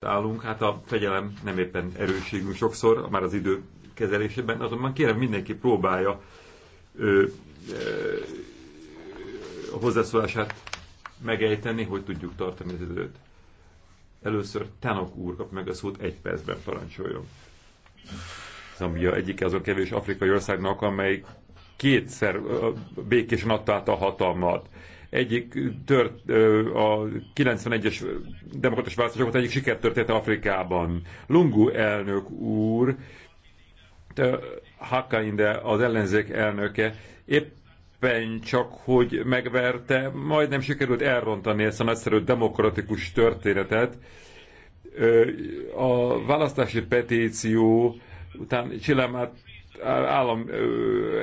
állunk, hát a fegyelem nem éppen erőségünk sokszor, már az idő kezelésében, azonban kérem mindenki próbálja ö, ö, a hozzászólását megejteni, hogy tudjuk tartani az időt. Először Tanok úr kap meg a szót egy percben parancsoljon. Zambia egyik azon kevés afrikai országnak, amely kétszer békésen adta át a hatalmat egyik tört, a 91-es demokratikus választások egyik sikertörténet Afrikában. Lungu elnök úr, Hakainde az ellenzék elnöke éppen csak, hogy megverte, majdnem sikerült elrontani ezt a nagyszerű demokratikus történetet. A választási petíció után Csillámát állam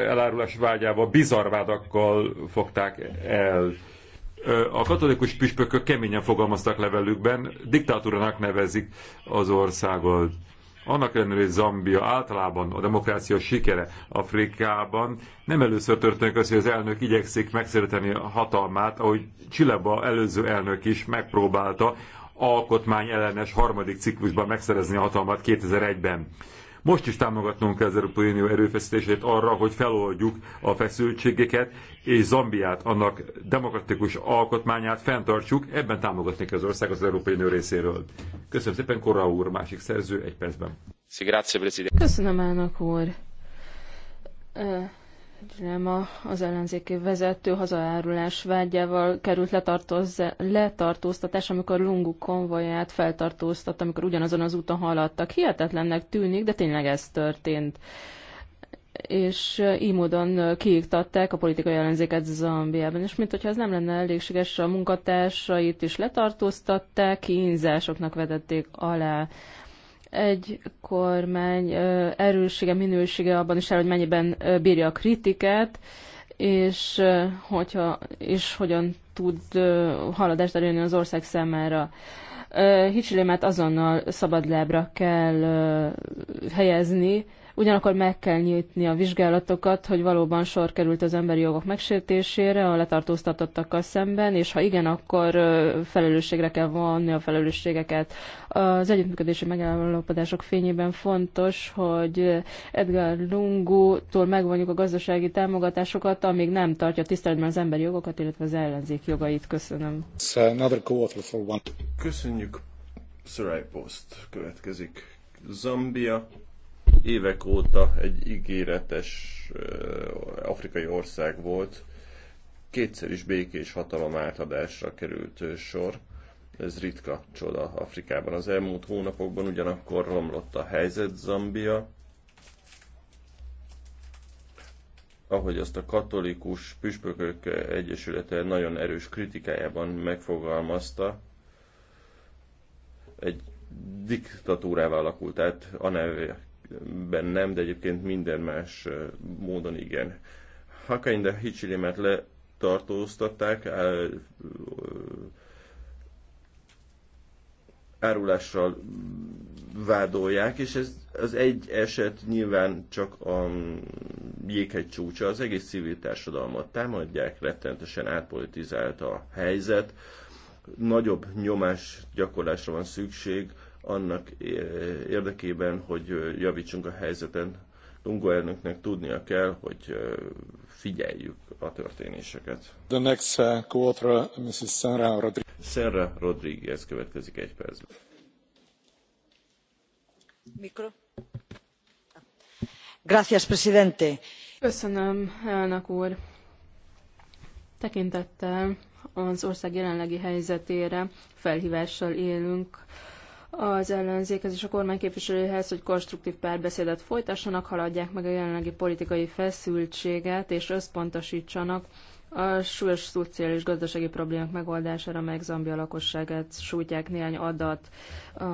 elárulás vágyával, bizarr vádakkal fogták el. A katolikus püspökök keményen fogalmaztak levelükben, diktátúrának nevezik az országot. Annak ellenére, hogy Zambia általában a demokrácia sikere Afrikában nem először történik az, hogy az elnök igyekszik megszereteni a hatalmát, ahogy Csileba előző elnök is megpróbálta alkotmány ellenes harmadik ciklusban megszerezni a hatalmat 2001-ben. Most is támogatnunk kell az Európai Unió erőfeszítését arra, hogy feloldjuk a feszültségeket, és Zambiát, annak demokratikus alkotmányát fenntartsuk, ebben támogatni kell az ország az Európai Unió részéről. Köszönöm szépen, Korra úr, másik szerző, egy percben. Köszönöm, elnök úr nem az ellenzéki vezető hazaárulás vágyával került letartóztatás, amikor Lungu konvoját feltartóztat, amikor ugyanazon az úton haladtak. Hihetetlennek tűnik, de tényleg ez történt. És így módon kiiktatták a politikai ellenzéket Zambiában. És mint hogyha ez nem lenne elégséges, a munkatársait is letartóztatták, kínzásoknak vedették alá egy kormány erőssége, minősége abban is el, hogy mennyiben bírja a kritikát, és, hogyha, és hogyan tud haladást elérni az ország számára. Hicsilémát azonnal szabadlábra kell helyezni, Ugyanakkor meg kell nyitni a vizsgálatokat, hogy valóban sor került az emberi jogok megsértésére a letartóztatottakkal szemben, és ha igen, akkor felelősségre kell vonni a felelősségeket. Az együttműködési megállapodások fényében fontos, hogy Edgar Lungu-tól megvonjuk a gazdasági támogatásokat, amíg nem tartja tiszteletben az emberi jogokat, illetve az ellenzék jogait. Köszönöm. Uh, Köszönjük. Szarai következik. Zambia évek óta egy ígéretes afrikai ország volt, kétszer is békés hatalom átadásra került sor. Ez ritka csoda Afrikában. Az elmúlt hónapokban ugyanakkor romlott a helyzet Zambia, ahogy azt a katolikus püspökök egyesülete nagyon erős kritikájában megfogalmazta, egy diktatúrával alakult tehát anélkül, ben nem, de egyébként minden más módon igen. Hakainde Hichilimát letartóztatták, árulással vádolják, és ez az egy eset nyilván csak a jéghegy csúcsa, az egész civil társadalmat támadják, rettenetesen átpolitizált a helyzet, nagyobb nyomás gyakorlásra van szükség annak eh, érdekében, hogy eh, javítsunk a helyzeten. Lungo elnöknek tudnia kell, hogy eh, figyeljük a történéseket. The next quarter, Mrs. Sarah Rodriguez. Sarah Rodriguez következik egy percben. Mikro. Gracias, presidente. Köszönöm, elnök úr. Tekintettel az ország jelenlegi helyzetére felhívással élünk az ellenzékhez és a kormány képviselőhez, hogy konstruktív párbeszédet folytassanak, haladják meg a jelenlegi politikai feszültséget, és összpontosítsanak a súlyos szociális gazdasági problémák megoldására, meg Zambia lakosságát sújtják néhány adat a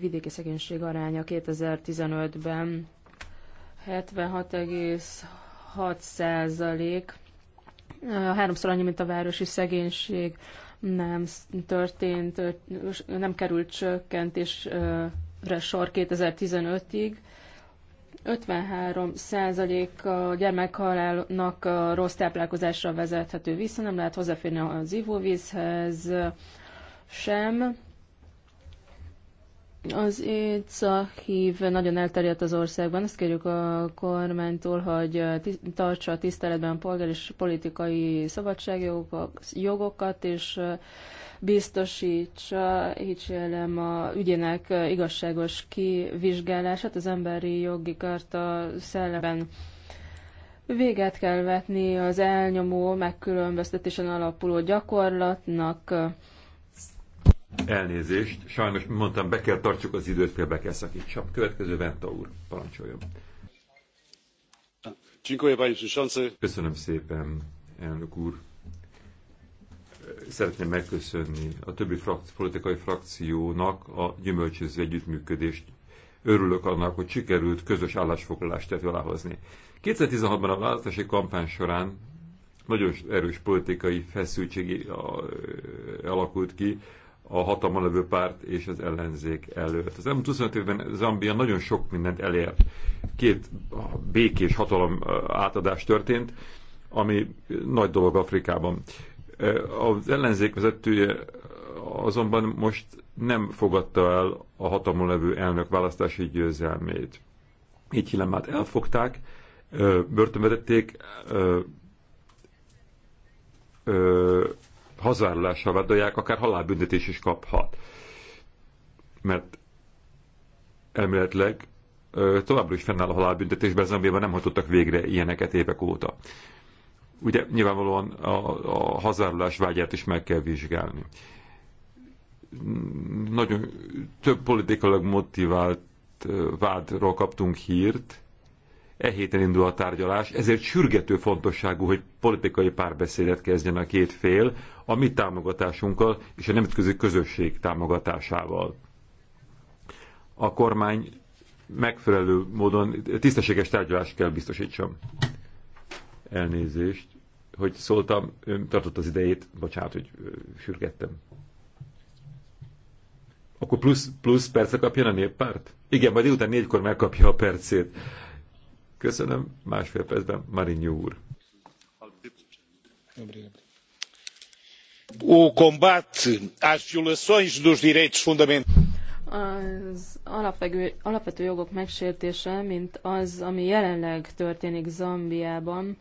vidéki szegénység aránya 2015-ben 76,6 százalék, háromszor annyi, mint a városi szegénység nem történt, nem került csökkentésre sor 2015-ig. 53 százalék a gyermekhalálnak a rossz táplálkozásra vezethető vissza, nem lehet hozzáférni az ivóvízhez sem az ÉCA hív nagyon elterjedt az országban. Ezt kérjük a kormánytól, hogy tartsa a tiszteletben a polgár és politikai szabadságjogokat, és biztosítsa, hicsélem, a ügyének igazságos kivizsgálását az emberi jogi karta szellemben. Véget kell vetni az elnyomó, megkülönböztetésen alapuló gyakorlatnak, Elnézést, sajnos mondtam, be kell tartsuk az időt, fél be kell szakítsam. Következő Venta úr, parancsoljon. Köszönöm szépen, elnök úr. Szeretném megköszönni a többi frakci- politikai frakciónak a gyümölcsöző együttműködést. Örülök annak, hogy sikerült közös állásfoglalást tett aláhozni. 2016-ban a választási kampány során nagyon erős politikai feszültség alakult ki a hatalma levő párt és az ellenzék előtt. Az elmúlt 25 évben Zambia nagyon sok mindent elért. Két békés hatalom átadás történt, ami nagy dolog Afrikában. Az ellenzék vezetője azonban most nem fogadta el a hatalmon levő elnök választási győzelmét. Így Hilemát elfogták, börtönbe tették, hazárlással vádolják, akár halálbüntetés is kaphat. Mert elméletileg továbbra is fennáll a halálbüntetés, zimbabwe amiben nem hatottak végre ilyeneket évek óta. Ugye nyilvánvalóan a, a hazárlás vágyát is meg kell vizsgálni. Nagyon több politikailag motivált vádról kaptunk hírt, E héten indul a tárgyalás, ezért sürgető fontosságú, hogy politikai párbeszédet kezdjen a két fél, a mi támogatásunkkal és a nemzetközi közösség támogatásával. A kormány megfelelő módon tisztességes tárgyalást kell biztosítsam. Elnézést, hogy szóltam, ön tartott az idejét, bocsánat, hogy sürgettem. Akkor plusz, plusz percet kapja a néppárt? Igen, majd délután négykor megkapja a percét. Köszönöm, másfél percben Marinyó úr. O combate às violações dos direitos fundamentais. Az alapvető, alapvető jogok megsértése, mint az, ami jelenleg történik Zambiában,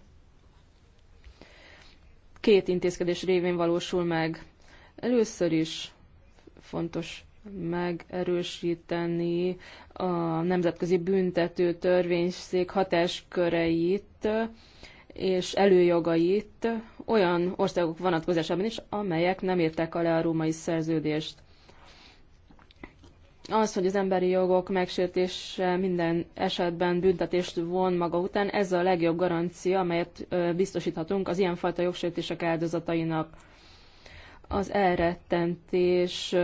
két intézkedés révén valósul meg. Először is fontos megerősíteni a Nemzetközi Büntető Törvényszék hatásköreit és előjogait olyan országok vonatkozásában is, amelyek nem írták alá a római szerződést. Az, hogy az emberi jogok megsértése minden esetben büntetést von maga után, ez a legjobb garancia, amelyet biztosíthatunk az ilyenfajta jogsértések áldozatainak. Az elrettentés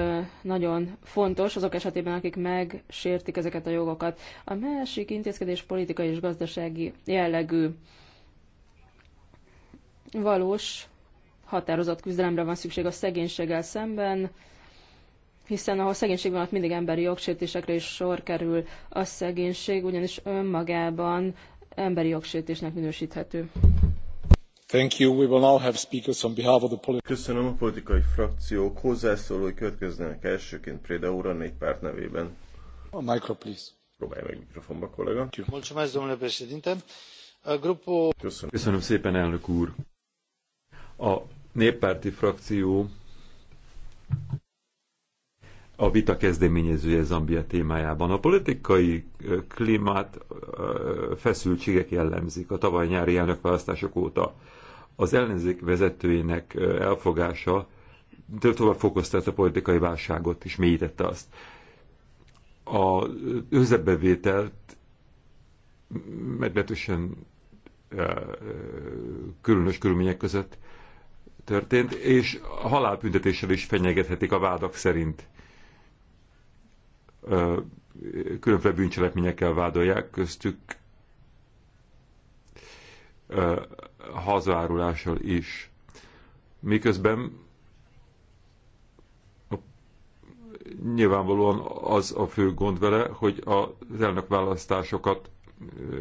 nagyon fontos azok esetében, akik megsértik ezeket a jogokat. A másik intézkedés politikai és gazdasági jellegű valós, határozott küzdelemre van szükség a szegénységgel szemben, hiszen ahol szegénység van, ott mindig emberi jogsértésekre is sor kerül. A szegénység ugyanis önmagában emberi jogsértésnek minősíthető. Köszönöm a politikai frakciók hozzászólói következnek elsőként Préda úr a néppárt nevében. A micro, please. Próbálj meg mikrofonba, kollega. Köszönöm. Köszönöm szépen, elnök úr. A néppárti frakció a vita kezdeményezője Zambia témájában. A politikai klímát feszültségek jellemzik a tavaly nyári elnökválasztások óta az ellenzék vezetőinek elfogása tovább ezt a politikai válságot és mélyítette azt. A özebbevételt meglehetősen különös körülmények között történt, és halálbüntetéssel is fenyegethetik a vádak szerint. Különféle bűncselekményekkel vádolják, köztük hazárulással is. Miközben nyilvánvalóan az a fő gond vele, hogy az választásokat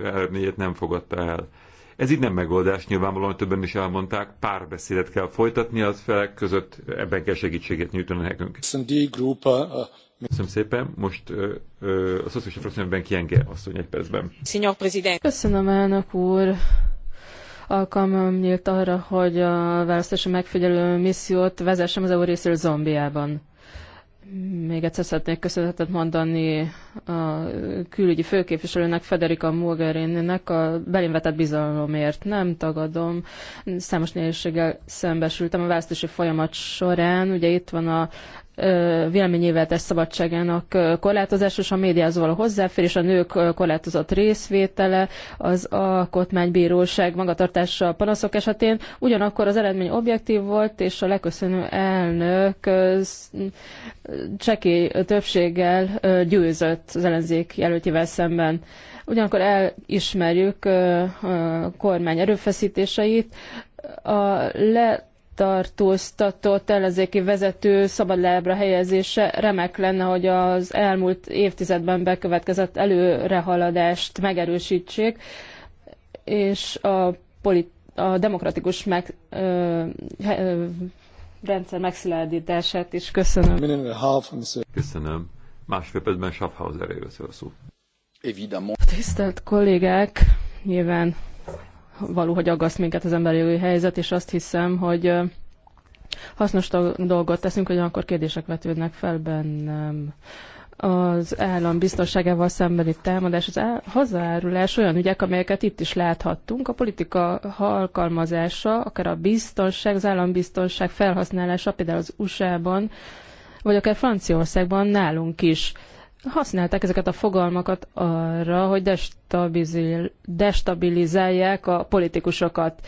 eh, elményét nem fogadta el. Ez így nem megoldás, nyilvánvalóan többen is elmondták, párbeszédet kell folytatni az felek között, ebben kell segítséget nyújtani nekünk. Köszönöm szépen, most ö, eh, ö, eh, a szociális frakcióban Kienge asszony egy percben. Köszönöm elnök úr, alkalmam nyílt arra, hogy a választási megfigyelő missziót vezessem az EU részéről Zombiában. Még egyszer szeretnék köszönetet mondani a külügyi főképviselőnek, Federica Mogherininek a belém bizalomért. Nem tagadom, számos nehézséggel szembesültem a választási folyamat során. Ugye itt van a véleményével szabadságának korlátozás és a médiához való hozzáférés, a nők korlátozott részvétele, az alkotmánybíróság magatartása a panaszok esetén. Ugyanakkor az eredmény objektív volt, és a leköszönő elnök cseki többséggel győzött az ellenzék jelöltjével szemben. Ugyanakkor elismerjük a kormány erőfeszítéseit, a le tartóztatott ellenzéki vezető szabadlábra helyezése remek lenne, hogy az elmúlt évtizedben bekövetkezett előrehaladást megerősítsék, és a, a demokratikus meg, ö, ö, rendszer megszilárdítását is köszönöm. Köszönöm. Másfél percben Schaffhauser szó. Tisztelt kollégák, nyilván Való, hogy aggaszt minket az emberi jogi helyzet, és azt hiszem, hogy hasznos dolgot teszünk, hogy akkor kérdések vetődnek fel bennem. Az állam biztonságával szembeni támadás, az hazárulás olyan ügyek, amelyeket itt is láthattunk. A politika alkalmazása, akár a biztonság, az állambiztonság felhasználása, például az USA-ban, vagy akár Franciaországban nálunk is használták ezeket a fogalmakat arra, hogy destabilizálják a politikusokat.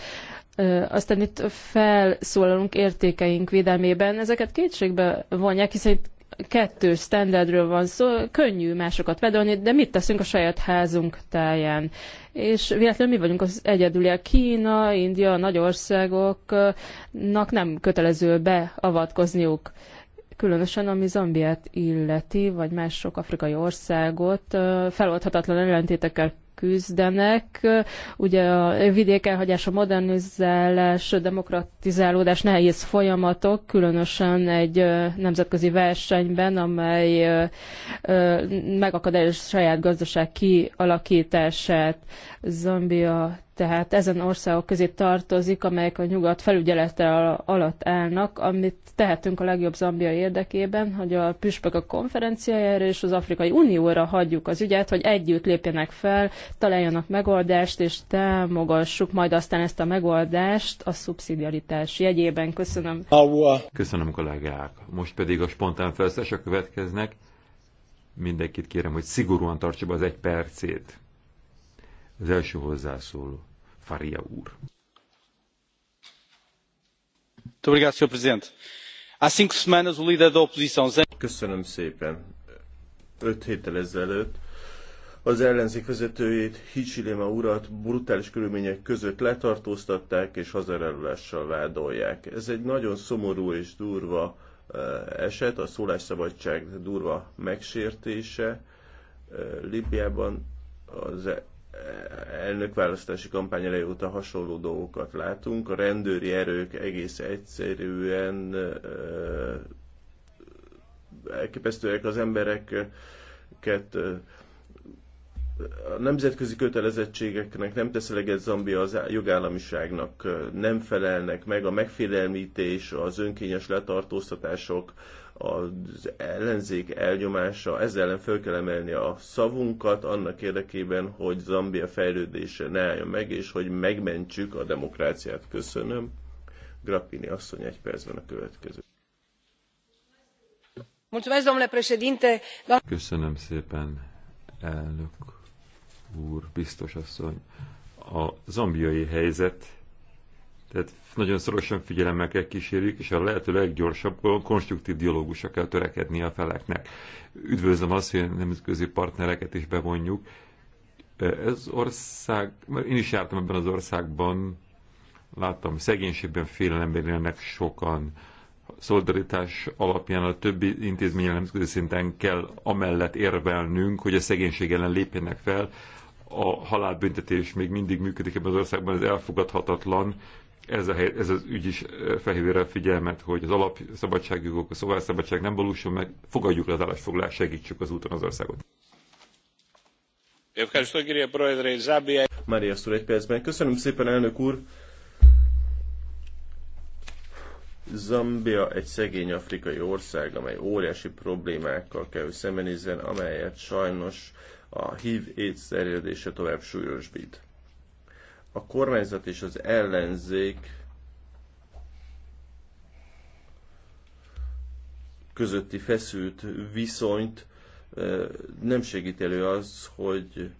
Aztán itt felszólalunk értékeink védelmében, ezeket kétségbe vonják, hiszen itt kettő standardről van szó, könnyű másokat vedolni, de mit teszünk a saját házunk táján? És véletlenül mi vagyunk az a Kína, India, nagy országoknak nem kötelező beavatkozniuk különösen ami Zambiát illeti, vagy más sok afrikai országot feloldhatatlan ellentétekkel küzdenek. Ugye a vidék elhagyása, modernizálás, demokratizálódás nehéz folyamatok, különösen egy nemzetközi versenyben, amely megakadályozza saját gazdaság kialakítását. Zambia tehát ezen országok közé tartozik, amelyek a nyugat felügyelete alatt állnak, amit tehetünk a legjobb Zambia érdekében, hogy a püspök a konferenciájára és az Afrikai Unióra hagyjuk az ügyet, hogy együtt lépjenek fel, találjanak megoldást, és támogassuk majd aztán ezt a megoldást a szubszidiaritás jegyében. Köszönöm. Köszönöm kollégák. Most pedig a spontán felszesek következnek. Mindenkit kérem, hogy szigorúan tartsa be az egy percét az első hozzászóló, Faria úr. Köszönöm szépen. Öt héttel ezelőtt az ellenzék vezetőjét, Hichilema urat brutális körülmények között letartóztatták és hazarelulással vádolják. Ez egy nagyon szomorú és durva eh, eset, a szólásszabadság durva megsértése. Eh, Libyában az elnökválasztási kampány elejé óta hasonló dolgokat látunk. A rendőri erők egész egyszerűen elképesztőek az embereket a nemzetközi kötelezettségeknek nem tesz eleget Zambia az jogállamiságnak, nem felelnek meg, a megfélelmítés, az önkényes letartóztatások, az ellenzék elnyomása, ezzel ellen fel kell emelni a szavunkat annak érdekében, hogy Zambia fejlődése ne álljon meg, és hogy megmentsük a demokráciát. Köszönöm. Grappini asszony egy percben a következő. Köszönöm szépen, elnök úr, biztos asszony. A zambiai helyzet tehát nagyon szorosan figyelemmel kell kísérjük, és a lehető leggyorsabban konstruktív dialógusra kell törekedni a feleknek. Üdvözlöm azt, hogy nemzetközi partnereket is bevonjuk. Ez ország, mert én is jártam ebben az országban, láttam, szegénységben, félelemben élnek sokan. szolidaritás alapján a többi intézményen nemzetközi szinten kell amellett érvelnünk, hogy a szegénység ellen lépjenek fel. A halálbüntetés még mindig működik ebben az országban, ez elfogadhatatlan ez, a, hely, ez az ügy is felhívja a figyelmet, hogy az alapszabadságjogok, a szobásszabadság nem valósul meg, fogadjuk le az állásfoglalást, segítsük az úton az országot. Mária Szúr egy percben. Köszönöm szépen, elnök úr! Zambia egy szegény afrikai ország, amely óriási problémákkal kell, hogy szembenézzen, amelyet sajnos a HIV AIDS terjedése tovább súlyosbít a kormányzat és az ellenzék közötti feszült viszonyt nem segít elő az, hogy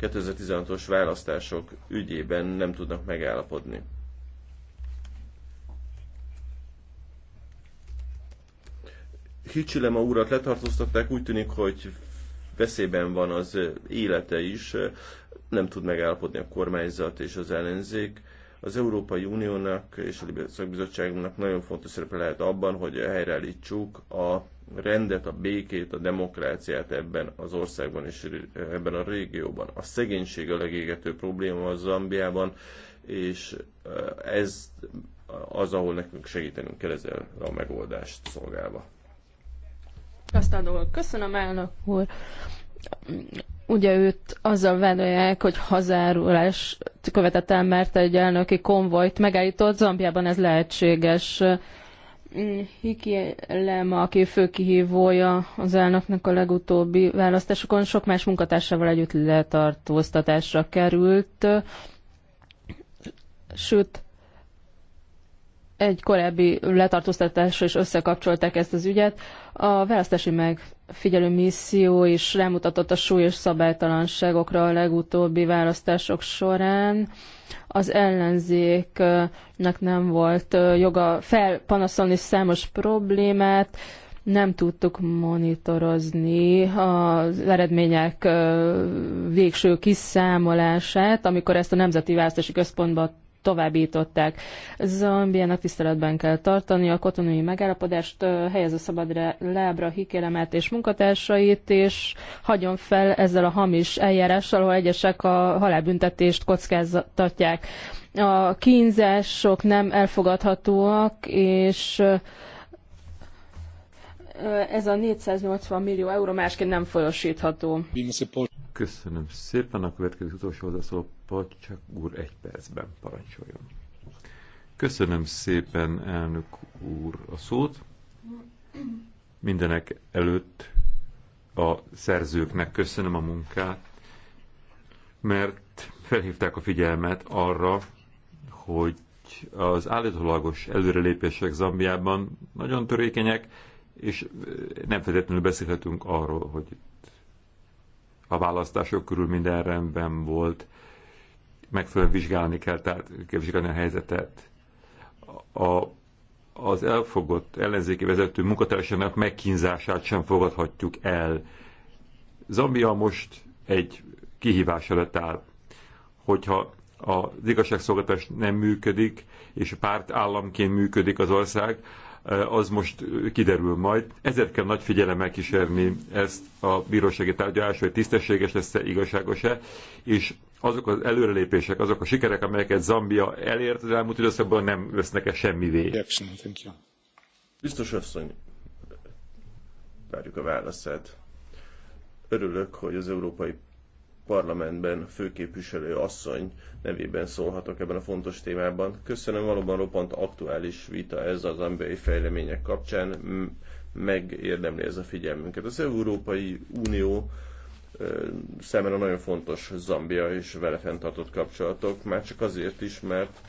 2016-os választások ügyében nem tudnak megállapodni. a urat letartóztatták, úgy tűnik, hogy veszélyben van az élete is, nem tud megállapodni a kormányzat és az ellenzék. Az Európai Uniónak és a Libia Szakbizottságunknak nagyon fontos szerepe lehet abban, hogy helyreállítsuk a rendet, a békét, a demokráciát ebben az országban és ebben a régióban. A szegénység a legégető probléma az Zambiában, és ez az, ahol nekünk segítenünk kell ezzel a megoldást szolgálva. Kasztádó, köszönöm elnök úr. Ugye őt azzal vádolják, hogy hazárulás követett el, mert egy elnöki konvojt megállított. Zambiában ez lehetséges. Hiki Lema, aki fő kihívója az elnöknek a legutóbbi választásokon, sok más munkatársával együtt letartóztatásra került. Sőt, egy korábbi letartóztatásra is összekapcsolták ezt az ügyet. A választási megfigyelő misszió is rámutatott a súlyos szabálytalanságokra a legutóbbi választások során. Az ellenzéknek nem volt joga felpanaszolni számos problémát, nem tudtuk monitorozni az eredmények végső kiszámolását, amikor ezt a Nemzeti Választási Központba továbbították. Zambiának tiszteletben kell tartani a katonai megállapodást, helyez a szabadra lábra hikélemet és munkatársait, és hagyjon fel ezzel a hamis eljárással, ahol egyesek a halálbüntetést kockáztatják. A kínzások nem elfogadhatóak, és ez a 480 millió euró másként nem folyosítható. Köszönöm szépen. A következő utolsó hozzászóló csak úr egy percben parancsoljon. Köszönöm szépen, elnök úr, a szót. Mindenek előtt a szerzőknek köszönöm a munkát, mert felhívták a figyelmet arra, hogy az állítólagos előrelépések Zambiában nagyon törékenyek, és nem feltétlenül beszélhetünk arról, hogy a választások körül minden rendben volt, megfelelően vizsgálni kell, tehát kell vizsgálni a helyzetet. A, az elfogott ellenzéki vezető munkatársának megkínzását sem fogadhatjuk el. Zambia most egy kihívás előtt áll, hogyha az igazságszolgáltatás nem működik, és párt államként működik az ország, az most kiderül majd. Ezért kell nagy figyelemmel kísérni ezt a bírósági tárgyalás, hogy tisztességes lesz-e, igazságos-e, és azok az előrelépések, azok a sikerek, amelyeket Zambia elért az elmúlt időszakban nem vesznek -e semmivé. Biztos asszony, várjuk a válaszát. Örülök, hogy az Európai Parlamentben főképviselő asszony nevében szólhatok ebben a fontos témában. Köszönöm, valóban roppant aktuális vita ez az ambiai fejlemények kapcsán. Megérdemli ez a figyelmünket. Az Európai Unió számára nagyon fontos Zambia és vele fenntartott kapcsolatok, már csak azért is, mert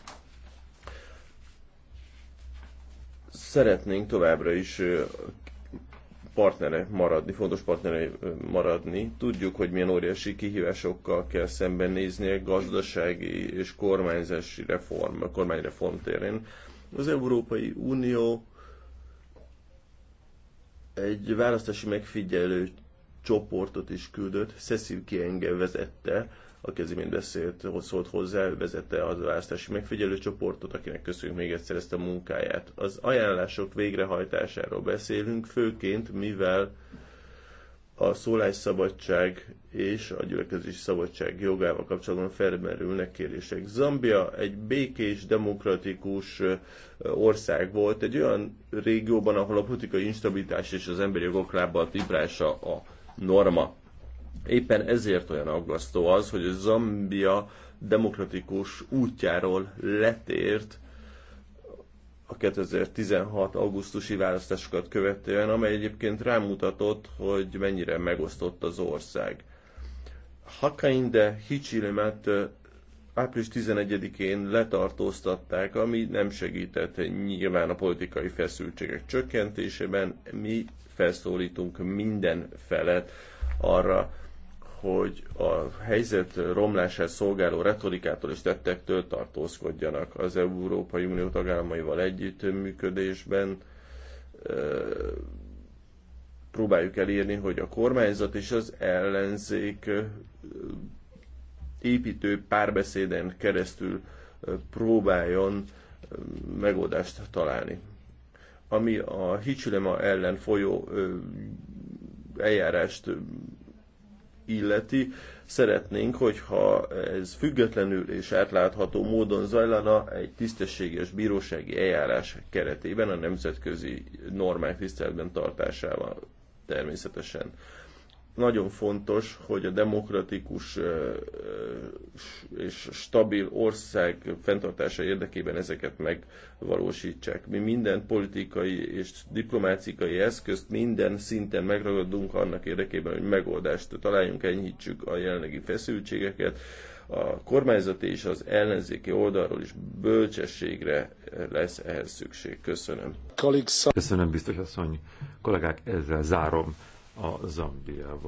szeretnénk továbbra is partnere maradni, fontos partnere maradni. Tudjuk, hogy milyen óriási kihívásokkal kell szembenézni a gazdasági és kormányzási reform, a kormányreform terén. Az Európai Unió egy választási megfigyelő csoportot is küldött, Cecil Kienge vezette, aki az imént beszélt, szólt hozzá, vezette az választási megfigyelő csoportot, akinek köszönjük még egyszer ezt a munkáját. Az ajánlások végrehajtásáról beszélünk, főként mivel a szólásszabadság és a gyülekezési szabadság jogával kapcsolatban felmerülnek kérések. Zambia egy békés, demokratikus ország volt, egy olyan régióban, ahol a politikai instabilitás és az emberi jogok lábbal tiprása a norma. Éppen ezért olyan aggasztó az, hogy a Zambia demokratikus útjáról letért a 2016. augusztusi választásokat követően, amely egyébként rámutatott, hogy mennyire megosztott az ország. Hakainde Hichilemet április 11-én letartóztatták, ami nem segített nyilván a politikai feszültségek csökkentésében. Mi felszólítunk minden felet arra, hogy a helyzet romlását szolgáló retorikától és tettektől tartózkodjanak az Európai Unió tagállamaival együttműködésben. Próbáljuk elérni, hogy a kormányzat és az ellenzék építő párbeszéden keresztül próbáljon megoldást találni. Ami a Hicsülema ellen folyó eljárást illeti, szeretnénk, hogyha ez függetlenül és átlátható módon zajlana egy tisztességes bírósági eljárás keretében a nemzetközi normák tiszteletben tartásával természetesen nagyon fontos, hogy a demokratikus és stabil ország fenntartása érdekében ezeket megvalósítsák. Mi minden politikai és diplomáciai eszközt minden szinten megragadunk annak érdekében, hogy megoldást találjunk, enyhítsük a jelenlegi feszültségeket. A kormányzati és az ellenzéki oldalról is bölcsességre lesz ehhez szükség. Köszönöm. Köszönöm, biztos asszony. Kollégák, ezzel zárom a Zambiával.